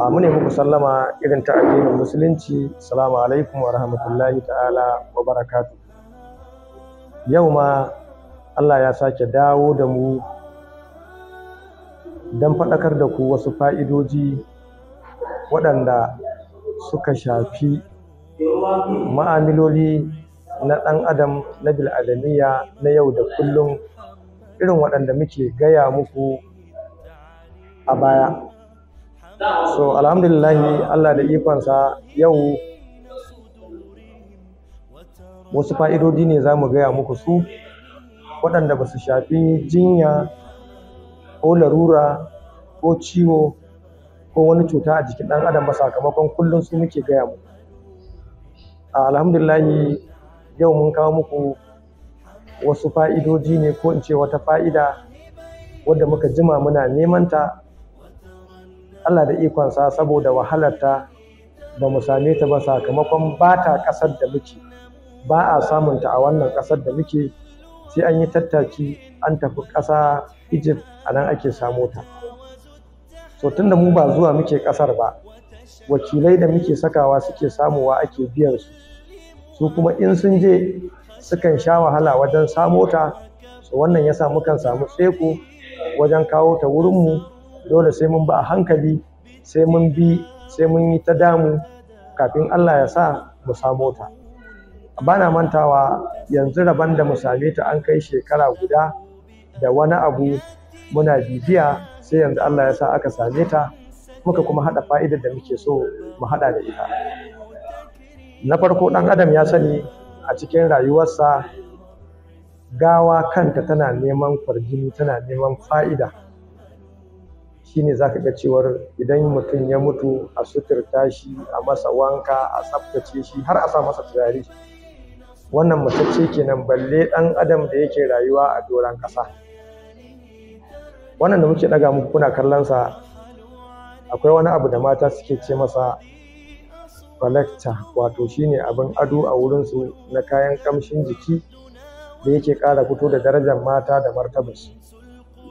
a ne muku sallama irin ta addinin musulunci salamu alaikum wa rahmatullahi ta'ala wa barakatu yau ma Allah ya sake dawo da mu don faɗakar da ku wasu fa'idoji waɗanda suka shafi ma'amiloli na ɗan adam na bil'adamiya na yau da kullum irin waɗanda muke gaya muku a baya so alhamdulillahi allah da ikonsa yau wasu fa'idodi ne za mu gaya muku su waɗanda ba su shafi jinya ko larura ko ciwo ko wani cuta a jikin ɗan adam ba sakamakon kullum su muke gaya muku alhamdulillahi yau mun kawo muku wasu fa'idodi ne ko in ce wata fa'ida wadda muka jima muna nemanta. Allah da ikonsa saboda wahalarta ba mu same ta ba sakamakon ba ta ƙasar da muke ba a samunta a wannan ƙasar da muke sai an yi tattaki an tafi ƙasa egypt a nan ake samo ta so da mu ba zuwa muke ƙasar ba wakilai da muke sakawa suke samuwa ake biyan su su kuma in sun je sukan sha wahala wajen samo ta so wannan yasa mukan samu tseko wajen kawo ta wurinmu dole sai mun ba a hankali sai mun bi sai mun yi ta damu kafin Allah ya sa mu samo ta bana mantawa yanzu rabon da mu same ta an kai shekara guda da wani abu muna bibiya sai yanzu Allah ya sa aka same ta muka kuma haɗa fa'idar da muke so mu haɗa da ita na farko ɗan adam ya sani a cikin rayuwarsa gawa kanta tana neman kwarjini tana neman fa'ida Shi ne za ka ga cewar idan mutum ya mutu a suturta shi a masa wanka a tsaftace shi har a sa masa turare wannan mutacce kenan balle ɗan adam da yake rayuwa a doron ƙasa wannan da muke ɗaga muku kuna kallonsa akwai wani abu da mata suke ce masa collector wato shine abin ado a wurin su na kayan ƙamshin jiki da yake ƙara fito da darajar mata da martabas.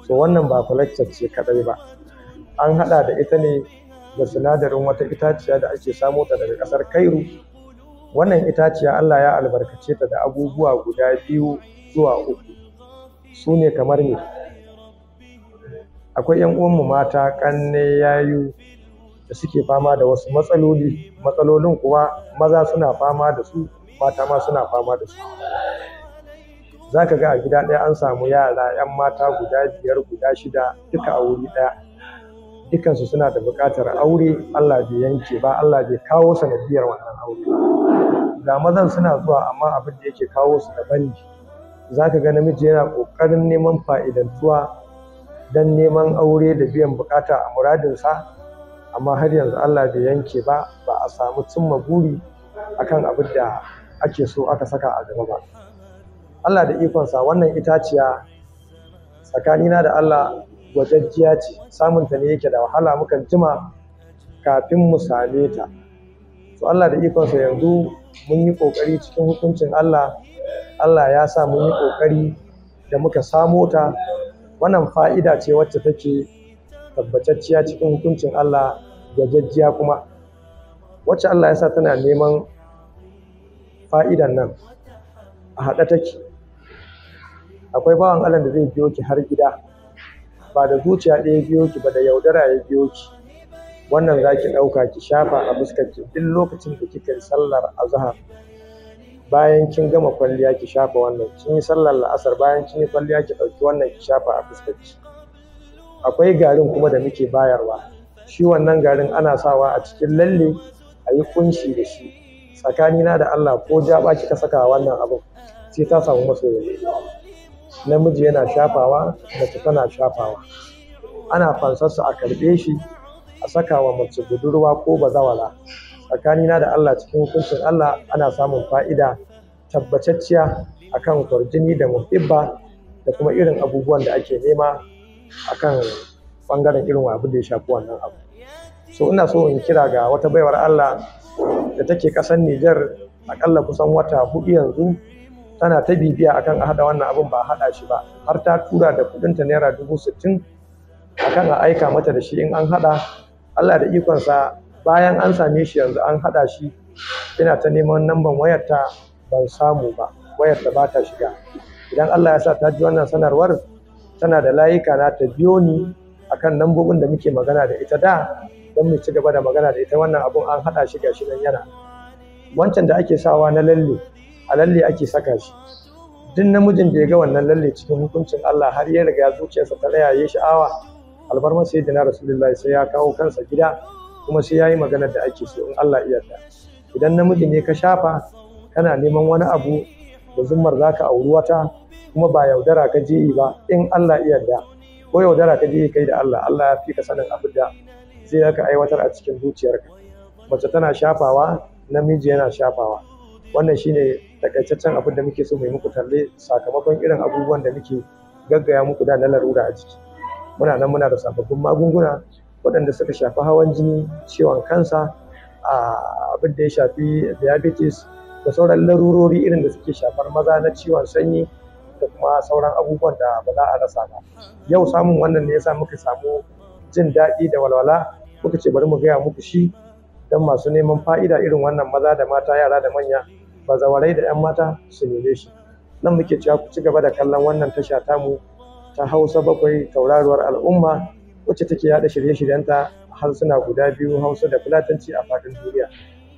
so wannan ba collector ce kaɗai ba an haɗa da ita ne da sinadarin wata itaciya da ake samo ta daga ƙasar kairu wannan itaciya allah ya albarkace ta da abubuwa guda biyu zuwa uku su ne kamar ne akwai yan uwanmu mata kanne yayu da suke fama da wasu matsaloli matsalolin kuwa maza suna fama da su mata ma suna fama da su za ka ga a gida ɗaya an samu yara 'yan mata guda biyar guda shida duka a wuri ɗaya dukansu suna da buƙatar aure Allah bai yanke ba Allah bai kawo sanadiyar wannan aure ga mazan suna zuwa amma abin da yake kawo su daban ne zaka ga namiji yana ƙoƙarin neman fa'idantuwa dan neman aure da biyan buƙata a muradinsa amma har yanzu Allah bai yanke ba ba a samu cimma buri akan abin da ake so aka saka a gaba ba Allah da ikonsa wannan itaciya tsakanina da Allah gwajajjiya ce samunta ne yake da wahala mukan jima kafin mu same ta to Allah da ikonsa yanzu mun yi ƙoƙari cikin hukuncin Allah Allah ya sa mun yi ƙoƙari da muka samo ta wannan fa'ida ce wacce take tabbatacciya cikin hukuncin Allah gajajjiya kuma wacce Allah ya sa tana neman fa'idan nan a haɗa take akwai bawan Allah da zai biyo ki har gida ba da zuciya ɗaya biyo ki ba da yaudara ya biyo ki wannan za ki ɗauka ki shafa a fuskarki duk lokacin da kika yi sallar azahar. bayan kin gama kwalliya ki shafa wannan kin yi sallar la'asar bayan kin yi kwalliya ki ɗauki wannan ki shafa a fuskarki akwai garin kuma da muke bayarwa shi wannan garin ana sawa a cikin lalle a yi kunshi da shi tsakanina da Allah ko ja ba kika saka wannan abin sai ta samu masoyi namiji yana shafawa mace tana shafawa ana fansarsa a karɓe shi a saka wa mace budurwa ko bazawala Tsakani na da Allah cikin hukuncin Allah ana samun fa'ida tabbatacciya akan kwarjini da muhibba da kuma irin abubuwan da ake nema akan bangaren irin abu da ya shafi wannan abu so ina so in kira ga wata baiwar Allah da take ƙasar Nijar akalla kusan wata hudu yanzu tana ta bibiya akan a haɗa wannan abun ba a haɗa shi ba har ta tura da ta naira dubu sittin akan a aika mata da shi in an haɗa Allah da ikonsa bayan an same shi yanzu an haɗa shi ina ta neman namban wayarta ban samu ba wayarta ba ta shiga idan Allah ya sa ta ji wannan sanarwar tana da layuka na ta biyo ni akan lambobin da muke magana da ita da don mu ci gaba da magana da ita wannan abun an haɗa shi gashi dan yana wancan da ake sawa na lalle a lalle ake saka shi duk namijin da ya ga wannan lalle cikin hukuncin Allah har ya riga zuciyarsa ta rayaye sha'awa albarman sai da na rasulullahi sai ya kawo kansa gida kuma sai ya yi maganar da ake so in Allah iya ta idan namiji ne ka shafa kana neman wani abu da zummar za ka auri wata kuma ba yaudara ka je ba in Allah iya da ko yaudara ka je kai da Allah Allah ya fi ka sanin abin da zai ka aiwatar a cikin zuciyarka mace tana shafawa namiji yana shafawa wannan shine takaitaccen abin da muke so mu yi muku talle sakamakon irin abubuwan da muke gaggaya muku da na larura a jiki muna nan muna da sababbin magunguna waɗanda suka shafi hawan jini ciwon kansa abin da ya shafi diabetes da sauran larurori irin da suke shafar maza na ciwon sanyi da kuma sauran abubuwan da ba za a rasa ba yau samun wannan ne yasa muka samu jin daɗi da walwala muka ce bari mu gaya muku shi don masu neman fa'ida irin wannan maza da mata yara da manya bazawarai da 'yan mata su neme shi nan muke cewa ku ci gaba da kallon wannan tasha mu ta hausa bakwai tauraruwar al'umma wacce take yada shirye-shiryenta harsuna guda biyu hausa da fulatanci a faɗin duniya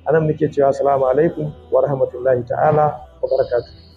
a nan muke cewa salamu alaikum wa rahmatullahi ta'ala wa barakatuh